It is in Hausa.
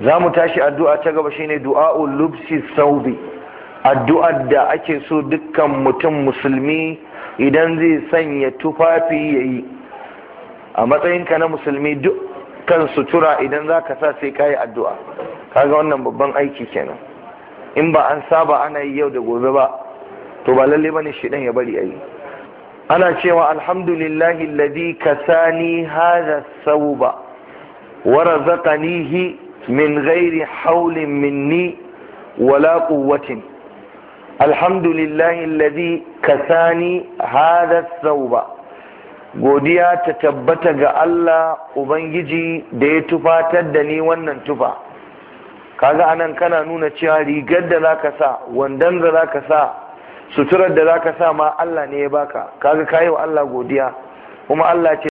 za mu tashi addu'a ta gaba shine du'a'u lubsi saubi addu'ar da ake so dukkan mutum musulmi idan zai sanya tufafi ya yi, a matsayinka na musulmi dukkan sutura idan za ka sa sai ka yi addu'a kaga wannan babban aiki kenan in ba an saba ana yi yau da gobe ba to ba lalle bane shi ya bari ayi ana cewa alhamdulillahi alladhi kasani hadha sauba wa razaqanihi min ghairi haulin minni wala quwwatin alhamdulillahi alladhi kasani hadha thawba godiya ta tabbata ga Allah ubangiji da ya tufatar da ni wannan tufa kaga anan kana nuna cewa rigar da zaka sa wandan da zaka sa suturar da zaka sa ma Allah ne ya baka kaga kayi wa Allah godiya kuma Allah ce